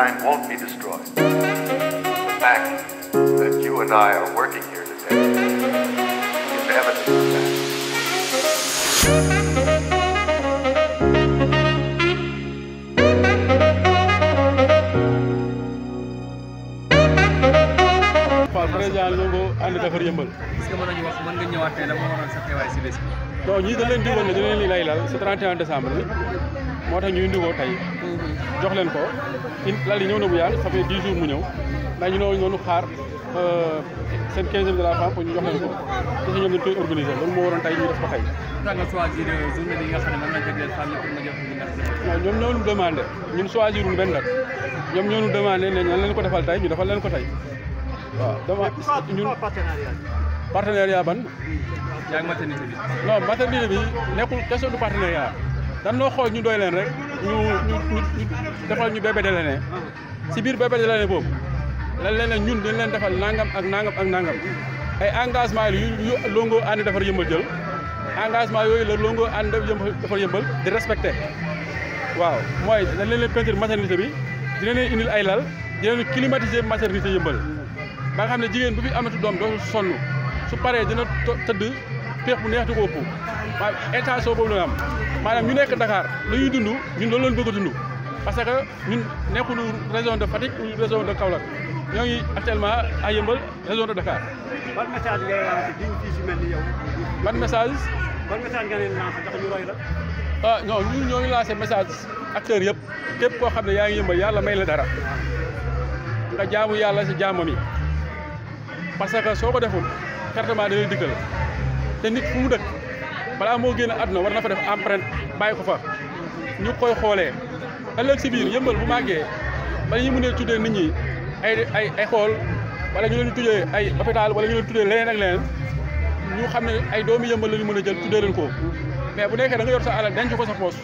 mankind won't be destroyed. The fact that you and I are working here today is evidence of that. président Ndongo ànd defar yëmbal. est-ce que mën nañu wax mën nga ñëwaat tey la moo waral sa teewaay si bés bi. bon ñii da leen diwoon ne dina jox leen ko in lal yi ñëw na bu yàgg ça fait 10 jours mu ñëw ndax ñu noonu xaar euh, seen quinzième de la femme pour ñu jox leen ko te si ñoom dañ koy organisé loolu moo waroon ñu def ko tey. nga choisir euh, journée bi nga xam ne moom la jagleel femme yi pour nga jox ñun choisir benn date ñoom ñoo ñu demandé ne nan leen ko defal tey ñu defal leen ko tey waaw. dama ñun partenariat ban. yaa ngi maternité bi. non maternité bi nekkul question du partenariat dan noo xool ñu doy leen rek. ñu ñu defal ñu bébé de l'année si biir bébé de l'année boobu lan leen nag ñun dañ leen defal nangam ak nangam ak nangam ay engagement yu yu longo ane defar yëmbal jël engagement yooyu la longo ane defar yëmbal di respecté waaw moy dañ leen leen peinture maternité bi dina leen indil ay lal dina leen climatiser maternité yëmbal ba nga xam ne jigéen bu fi amatu doom dootul sonn su paree dina tëdd peex bu neex di ko ëpp maanaam intention boobu la am maanaam ñu nekk Dakar lu ñuy dund ñun loolu lañ bëgg a dund parce que ñun nekkulu région de Fatick ou région de Kaolack ñoo ngi actuellement à Yëmbal région de Dakar. ban message message. ban message nga ñu roy ah, ñoo ngi lancé message acteurs yëpp képp koo xam ne yaa ngi yëmbal yàlla may la dara nga jaamu yàlla si jaamam yi soo ko deful carrément da te nit fu mu dëkk balaa moo génn àdduna war na fa def empreinte bàyyi ko fa ñu koy xoolee ëllëg si biir yëmbal bu màggee bala ñu mënee tuddee nit ñi ay ay ay xool wala ñu leen tuddee ay hôpital wala ñu leen tuddee leneen ak leneen ñu xam ne ay doomi yëmbal la ñu mën a jël tuddee leen ko mais bu nekkee da nga yor sa alal denc ko sa poos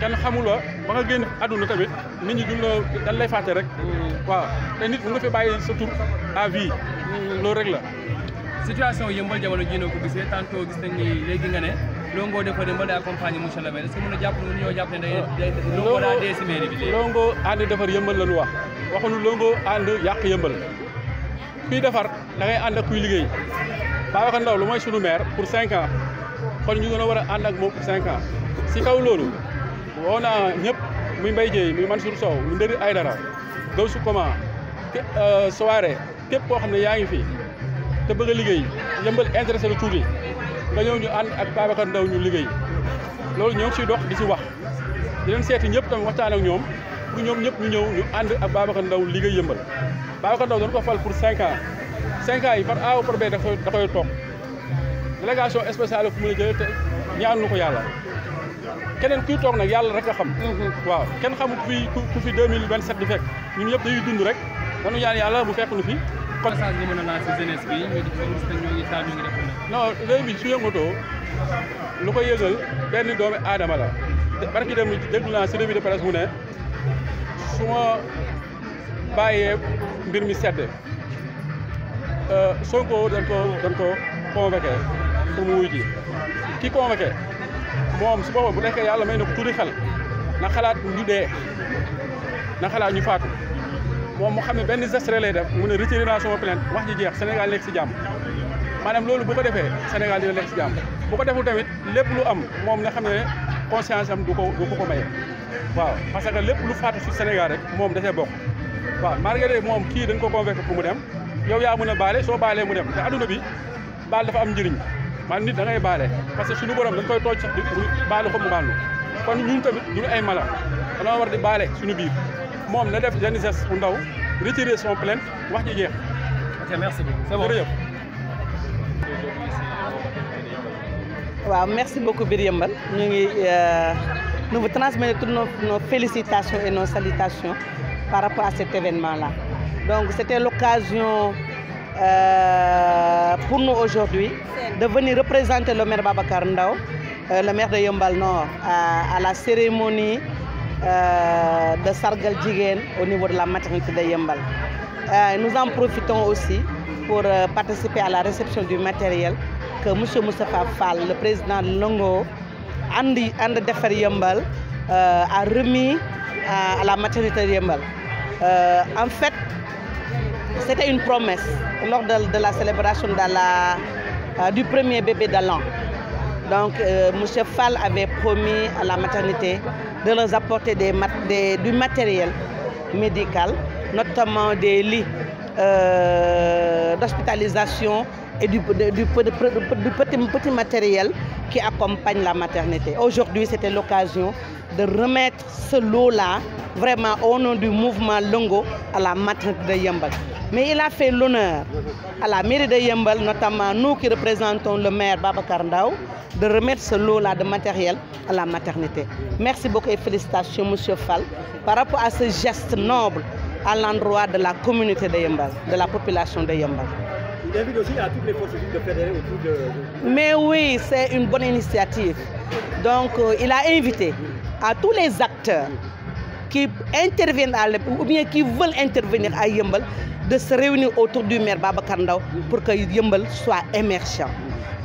kenn xamula ba nga génn àdduna tamit nit ñi duñ la dañ lay fàtte rek mm. waa te nit bu nga fi bàyyi sa tur à vie mm. loolu rek la situation ya mbal jamono ya jino noo ko gisee tanto gis nañ ni léegi nga ne Longo dafa ya dem ba day accompagner monsieur le est-ce que mën a jàpp ne ñoo japp ne day Longo la dee si bi léegi Longo and defar yëmbal la lu wax waxu waxuñu Longo and yàq yëmbal fi defar da ngay and ak kuy liggéey waxa kan ndaw lu moy suñu maire pour 5 ans kon ñu gëna wara and ak mo pour cinq ans si kaw lolu wona ñep muy mbay jey muy Mansour Sow muy Ndëri dara Gawsu Koma euh, soirée képp koo xam ne yaa ngi fii te bëgg a liggéey yëmbal intéressé lu tuuti nga ñëw ñu ànd ak Babacar Ndaw ñu liggéey loolu ñoo ngi siy dox di si wax di leen seeti ñëpp tam waxtaan ak ñoom pour ñoom ñëpp ñu ñëw ñu ànd ak Babacar Ndaw liggéey yëmbal Babacar Ndaw dañ ko fal pour 5 ans yi par A par B da koy da koy toog délégation spéciale fu mu la jëlee te ñaanu ko yàlla keneen kuy toog nag yàlla rek a xam. Mhm. waaw kenn xamul ku fi ku fi 2027 di ñun ñëpp dañuy dund rek nanu ñaan yàlla bu comme ça réew mi su yëngatoo lu ko yëgal benn doomi aadama la barki dem déglu naa si revue de presse mu ne su ma mbir mi sedd euh, Sonko dañ ko dañ ko convoqué mu wuy ji ki convoqué moom su boobaa bu nekkee yàlla may na ko xel na xalaat ñu na xalaat ñu faatu moom mu xam ne benn geste lay def mu ne retiré naa sama plainte wax ji jeex Sénégal nekk si jàmm maanaam loolu bu ko defee Sénégal dina nekk si jàmm bu ko deful tamit lépp lu am moom nga xam ne conscience am du ko ko ko waaw parce que lépp lu faatu si Sénégal rek moom dafay bokk waaw malgré moom kii dañ ko convaincre pour mu dem yow yaa mën a baale soo baalee mu dem te adduna bi baal dafa am njëriñ man nit da ngay baale parce que suñu borom dañ koy tooj sax ko mu baalu kon ñun tamit duñu ay mala danoo war di baale suñu biir mom na def ndaw retirer son plainte merci beaucoup c'est bon merci beaucoup nous vous transmettons toutes nos, félicitations et nos salutations par rapport à cet événement-là. Donc c'était l'occasion euh, pour nous aujourd'hui de venir représenter le maire Babacar Ndao, euh, le maire de Yombal Nord, à la cérémonie euh, de sargal Djigen au niveau de la maternité de Yembal. Euh, nous en profitons aussi pour euh, participer à la réception du matériel que M. Moussa Fall, le président de Longo, André Defer Yembal, a remis à, la maternité de Yembal. en fait, c'était une promesse lors de, la célébration la, du premier bébé d'Alan. Donc, M. Fall avait promis à la maternité de leur apporter du matériel médical, notamment des lits euh, d'hospitalisation et du, petit, matériel qui accompagne la maternité. Aujourd'hui, c'était l'occasion de remettre ce lot-là vraiment au nom du mouvement Longo à la maternité de Yambal. Mais il a fait l'honneur à la mairie de Yambal, notamment nous qui représentons le maire Baba Karndao, de remettre ce lot-là de matériel à la maternité. Merci beaucoup et félicitations, Monsieur Fall, par rapport à ce geste noble à l'endroit de la communauté de Yembal, de la population de Yembal. Il invite aussi à toutes les forces de fédérer autour de... Mais oui, c'est une bonne initiative. Donc, euh, il a invité à tous les acteurs qui interviennent à ou bien qui veulent intervenir à Yembal de se réunir autour du maire Baba pour que Yembal soit émergent.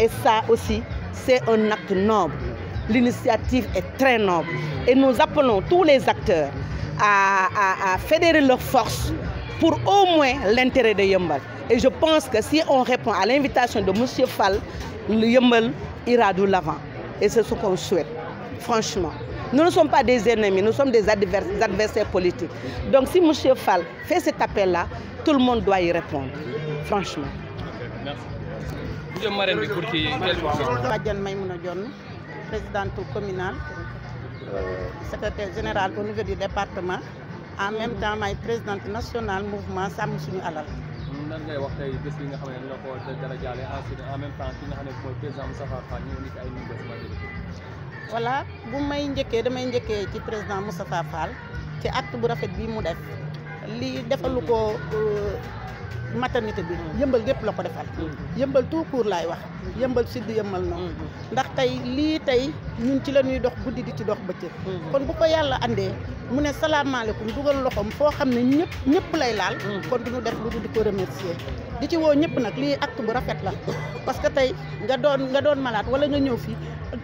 Et ça aussi, c'est un acte noble. L'initiative est très noble. Et nous appelons tous les acteurs à, fédérer leurs forces pour au moins l'intérêt de Yumbel. Et je pense que si on répond à l'invitation de M. Fall, le ira de l'avant. Et c'est ce qu'on souhaite, franchement. Nous ne sommes pas des ennemis, nous sommes des adversaires, politiques. Donc si M. Fall fait cet appel-là, tout le monde doit y répondre, franchement. budget marraine bi pour kii quel budget. Badiane Maïmouna Dione présidente communale euh, secrétaire générale au niveau du département en même temps présidente nationale mouvement sàmm suñu alal. nan ngay wax tey yi nga xam ne dina ko dara jaale en même temps ki président Moustapha Fall ñu ngi ci ay nuyu bés voilà bu may njëkkee damay njëkkee ci président Moustapha Fall ci acte bu rafet bii mu def lii defalu ko euh, maternité bi yëmbal gépp la ko defal yëmbal tout court lay wax yëmbal sidd yëmbal no ndax tay, li tay ñun ci la ñuy dox guddi di ci dox bëcc kon bu ko yalla andé mu ne salaamaaleykum dugal loxoom fo xam ne ñëpp ñëpp lay laal kon duñu def lu di ko remercier di ci wo ñëpp nak li acte bu rafet la parce que tay nga doon nga doon malade wala nga ñëw fi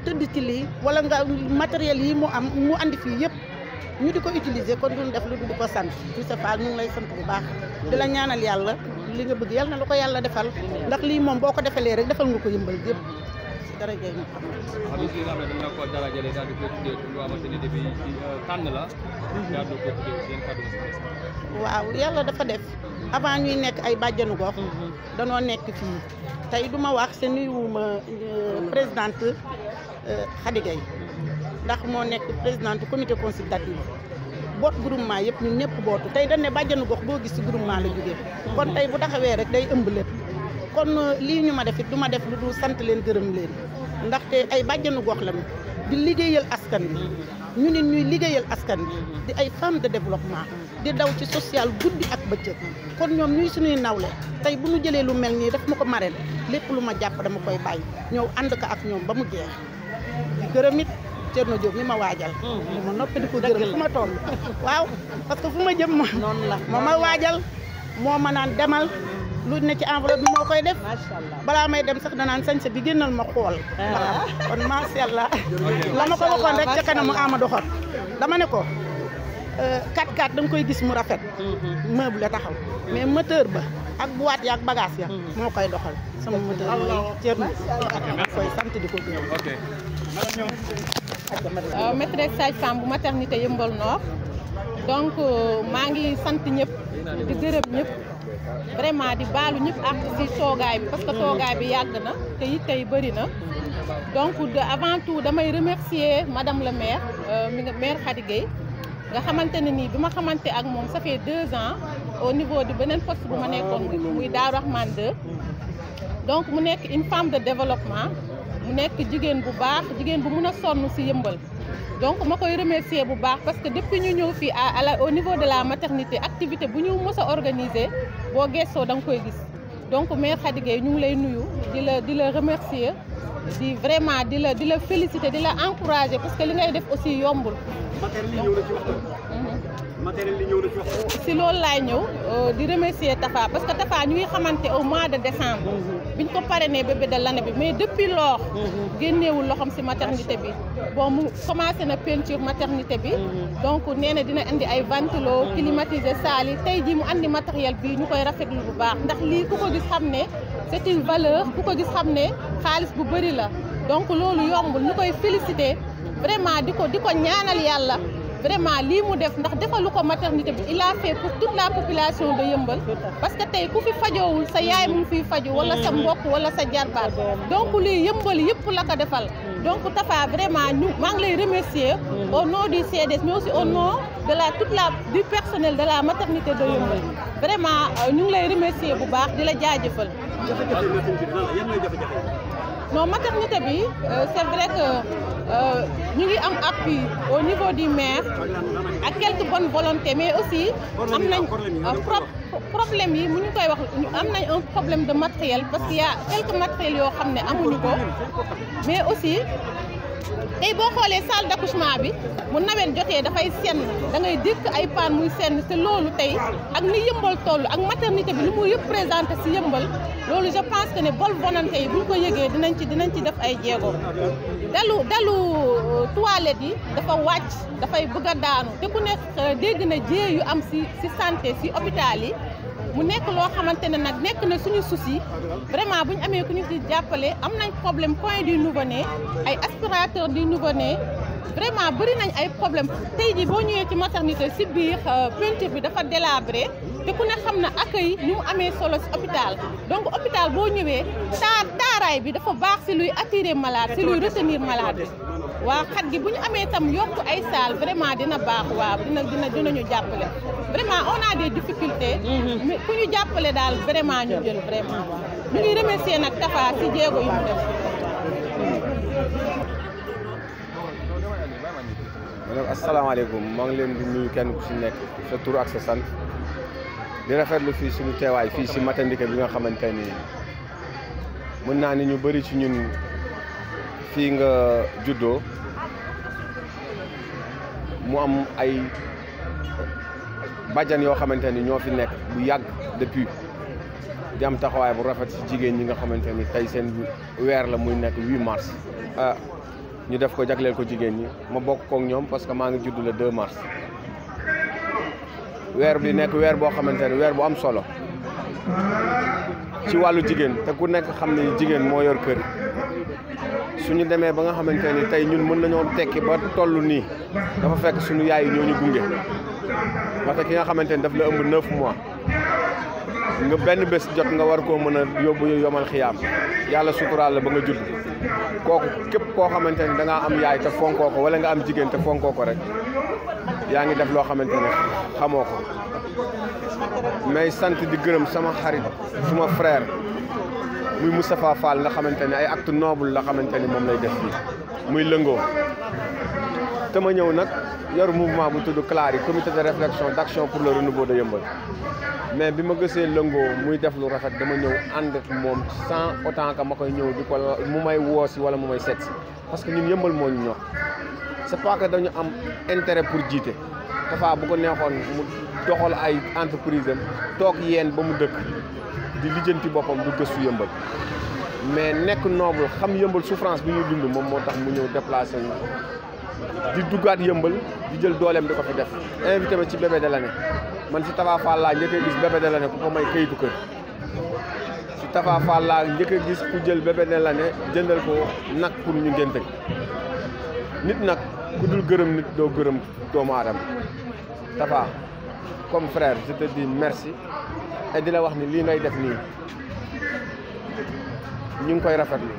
tëdd ci li wala nga matériel yi mu am mu andi fi yëpp ñu di ko utiliser kon duñu def lu di ko sant Fall ñu lay sante bu baax dila ñaanal yalla li nga bëgg yàlla na la ko yàlla defal ndax lii moom boo ko defalee rek defal nga ko yëmbal yëpp si dara jay ma xam euh, mhm. waaw yàlla dafa def avant ñuy nekk ay bàjjanu gox mhm. danoo nekk fii tey du ma wax se nuyuwuma euh, présidente euh, Khady Gaye ndax moo nekk présidente comité consultatif boot groupement yëpp ñun ñëpp bootu tey dañ ne bàjjanu gox boo gis ci groupement la jógee kon tey bu taxawee rek day ëmb lépp kon euh, lii ñu ma def it ma def lu dul sant leen gërëm leen ndaxte ay bàjjanu gox la di liggéeyal askan bi ñu ne ñuy liggéeyal askan bi di ay femmes de développement di daw ci social guddi ak bëccëg kon ñoom ñuy suñuy nawle tey bu ñu jëlee lu mel nii daf ma ko mareel lépp lu ma jàpp dama koy bàyyi ñëw ànd ko ak ñoom ba mu jeex gërëm Thierno Diop mi ma waajal mm. ma noppi di ko gërëm fu ma toll waaw parce que fu jëm ma la moo ma waajal moo demal lu ne ci enveloppe bi moo koy def balaa may dem sax danaan sañse bi génnal ma xool ah. kon macha allah lama ma ko waxoon rek ca kanamu Amadou Xor dama ne ko 4x4 euh, koy gis mu rafet mm-hmm. meuble taxaw mais moteur ba ak boîte ya ak bagage ya mm-hmm. moo koy doxal sama moteur mooy Thierno koy sant di ko gërëm Euh, maîtresse sage-femme bu maternité Yeumbeul Nord donc euh, maa ngi sant ñëpp di gërëm ñëpp vraiment di baalu ñep ak ci toogaay bi parce que toogaay bi yag na te it tey na donc avant tout damay remercier madame le maire euh, mi maire Khady Gueye nga xamanteni ni bima xamanté ak mom ça fait 2 ans au niveau du benen poste buma ma nekkoon muy Daaru Rahman 2 donc mu nekk une femme de développement nek jigen bu baax jigen bu meuna sonu ci si donc makoy remercier bu baax parce que depuis ñu ñëw fi au niveau de la maternité activité bu ñu mësa organiser bo gesso dang koy gis donc mère khadige ñu ngi lay nuyu di la di la remercier di vraiment di la di la féliciter di la encourager parce que li ngay def aussi yombul. matériel si loolu laay ñëw euh, di remercier Tafa parce que Tafa ñu ngi xamante au mois de décembre mhm. biñ ko parrainé bébé de l'année bi mais depuis lors mhm. génneewul loxoom si maternité bi bon mu commencé na peinture maternité bi mhm. donc nee na dina indi ay ventilo climatiser saali tey jii mu andi matériel bii ñu koy rafetlu bu baax ndax lii ku ko gis xam ne c'est une valeur ku ko gis xam ne xaalis bu bëri la donc loolu yombul ñu koy féliciter vraiment di ko di ko ñaanal yàlla vraiment li mu def ndax defalu ko maternité bi il a fait pour toute la population de Yeumbeul parce que tay ku fi fajoowul sa yaay mu fi fiy faju wala sa mm-hmm. mbokk wala sa jarbar mm-hmm. donc li Yeumbeul yépp la ko defal mm-hmm. donc Tafa vraiment ñu maa ngi lay remercier au nom du CDS mais aussi au nom de la toute la du personnel de la maternité de Yeumbeul vraiment euh, ñu ngi lay remercier bu baax di la jaajëfal non maternité bi euh, c'est vrai que euh, nous avons appris au niveau du maire à quelques bonnes volontés mais aussi problème un problème de matériel parce qu'il y a quelques matériels qui sont à niveau mais aussi tey boo xoolee salle bi bu nawet jotee dafay senn da ngay dikk ay paan muy senn te loolu tey ak ni yëmbal toll ak maternité bi lu muy représenté si yëmbal loolu je pense que ne bol bonante yi bu ko yëgee dinañ ci dinañ ci def ay jéego dalu dalu euh, toilette yi dafa wàcc dafay bëgg a daanu te ku nekk euh, dégg na jee yu am si si santé si hôpital yi mu nekk loo xamante ne nag nekk na suñu yi vraiment bu ñu amee ku ñu si jàppale am nañ problème point du nouveau-né ay aspirateur du nouveau-né vraiment bëri nañ ay problème tey jii boo ñëwee ci maternité si biir euh, peinture bi dafa délabré te ku ne xam na accueil ni mu amee solo si hôpital donc hôpital boo ñëwee taar taaraay bi dafa baax si luy attirer malade si luy retenir malade bi waa xat gi bu ñu amee tam yokk ay salle vraiment dina baax waaw dina dina dinañu jàppale vraiment on a des difficultés. mais pour ñu jappalé dal vraiment ñu jël vraiment waaw. ñu ngi remercier nak Tafa ci djégo yu def. maanaam asalaamaaleykum ngi len di nuyu kenn ku ci nek sa tour ak sa sant di rafetlu fii suñu teway fi ci Matandika bi nga xamanteni mën na ni ñu bari ci ñun fi nga juddoo mu am ay bajjan yo xamanteni ño fi nek bu yag depuis di am taxaway bu rafet ci jigen ñi nga xamanteni tay sen seen la muy nek 8 mars. ah ñu def ko jaglel ko jigen ñi ma bok ko ñom parce que ma nga judd le 2 mars weer bi nek weer bo xamanteni ni bu am solo ci walu jigen te ku nek xamni jigen mo yor keur suñu démé ba nga xamanteni tay ñun mën nañu tekki ba tollu ni dafa fekk suñu yaay ñoo ñu gungé parce ki nga xamante ni daf la ëmb neuf mois nga benn bés jot nga war koo mën a yóbbu yomal xiyaam yàlla suturaal la ba nga judd kooku képp koo xamante ni da am yaay te fonkoo ko wala nga am jigéen te fonkoo ko rek yaa ngi def loo xamante ne xamoo ko mais sant di gërëm sama xarit suma frère muy Moustapha Fall nga xamante ne ay acte noble la xamante ni moom lay def fii muy lëngoo te ma ñëw nag yor mouvement bu tudd CLARI comité de réflexion d' action pour le renouveau de Yeumbeul mais bi ma gisee lëngoo muy def lu rafet dama ñëw ànd ak moom sans autant que ma koy ñëw di ko mu may woo si wala mu may seet si parce que ñun Yeumbeul moo ñu ñor est pas que dañu am intérêt pour jiite dafa bu ko neexoon mu doxal ay entreprise am toog yeen ba mu dëkk di lijjanti boppam du gëstu Yeumbeul mais nekk noble xam Yeumbeul souffrance bi ñuy dund moom moo tax mu ñëw déplacé di duggaat yëmbal di jël dolem diko fi def invité ma ci bébé de l'année man ci Tafa Fall laa njëkk gis bébé de l'année ku ko may këyitu kër ci Tafa Fall laa njëkk gis ku jël bébé de l'année jëndal ko nak pour ñu gënte nit nak ku dul gërëm nit doo gërëm doomu adam Tafa comme frère je te dis merci et dila wax ni li ngay def ni ñu koy rafet ni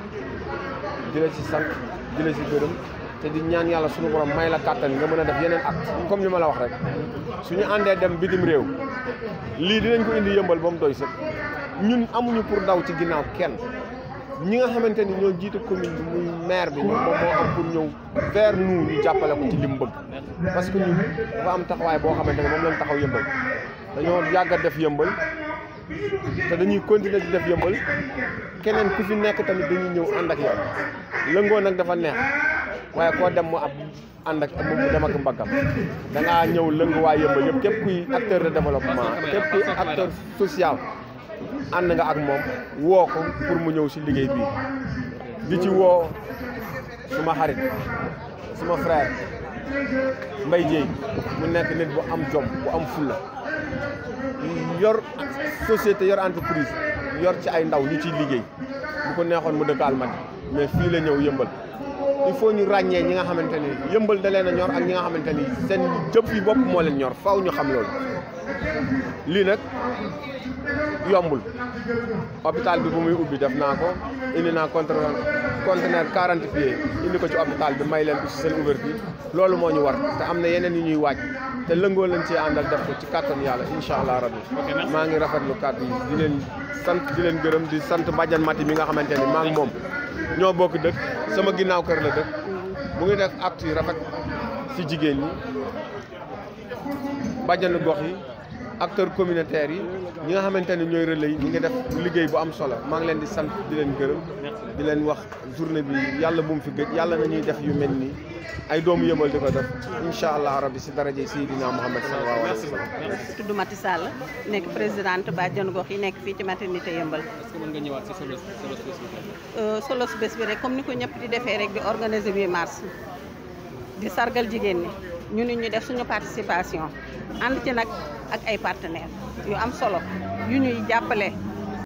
dila ci sant dila ci gërëm té di ñaan yalla suñu borom may la katan nga mëna def yenen ak comme ñuma la wax rek suñu andé dem bitim réew lii dinañ ko indi yëmbal bam doy sëkk ñun amuñu pour daw ci ginaaw kenn ñi nga xamanteni ñoo jitu commune bi muy maire bi mo mo am pour ñew vers nous ñu jappalé ko ci lim bëgg parce que ñun dafa am taxaway bo xamanteni mom lañ taxaw yëmbal dañoo yagga def yëmbal té dañuy continuer di def yëmbal keneen ku fi nekk tamit dañuy ñew and ak yow lëngoo nak dafa neex waaye koo dem mu ab ànd ak mu dem ak mbaggam da ngaa ñëw lëng waa yëmbal yëpp képp kuy acteur de développement képp kuy acteur social ànd nga ak moom woo ko pour mu ñëw si liggéey bii di ci woo suma xarit suma frère Mbaye Dieye mu nekk nit bu am jom bu am fulla yor société yor entreprise yor ci ay ndaw ñu ciy liggéey bu ko neexoon mu dëkk Almadi mais fii le ñëw yëmbal il faut ñu ràññee ñi nga xamante ni yëmbal da leen a ñor ak ñi nga xamante ni seen jëf yi bopp moo leen ñor faaw ñu xam loolu lii nag yombul hôpital bi bu muy ubbi def naa ko indi naa conteneur conteneur 40 pieds indi ko ci hôpital bi may leen ko ci seen loolu moo ñu war te am na yeneen yu ñuy waaj te lëngoo si ci àndal def ko ci kàttan yàlla incha allah rabbi maa ngi rafetlu kàddu yi di leen sant di leen gërëm di sant bàjjan Mati mi nga xamante ni maa moom ñoo bokk dëkk sama ginnaaw kër la dëkk mu ngi def acte yi rafet ci jigéen ñi bàjjenu gox yi acteurs communautaires yi ñi nga xamante ne ñooy relais yi ñu ngi def liggéey bu am solo maa ngi leen di sant di leen gërëm di leen wax journée bi yàlla bu mu fi gëj yàlla na ñuy def yu mel nii ay doomu yëbal di ko def incha allah rabbi si daraje Seydina Mouhamed sallallahu alayhi wa sallam tudd Mati Sall nekk présidente bàjjenu gox yi nekk fii ci maternité yëmbal euh, solos bés bi rek comme ni ko ñëpp di defee rek di organiser 8 mars di sargal jigéen ñi ñu nit ñu def suñu participation ànd ci nag ak ay partenaires yu am solo yu ñuy jàppale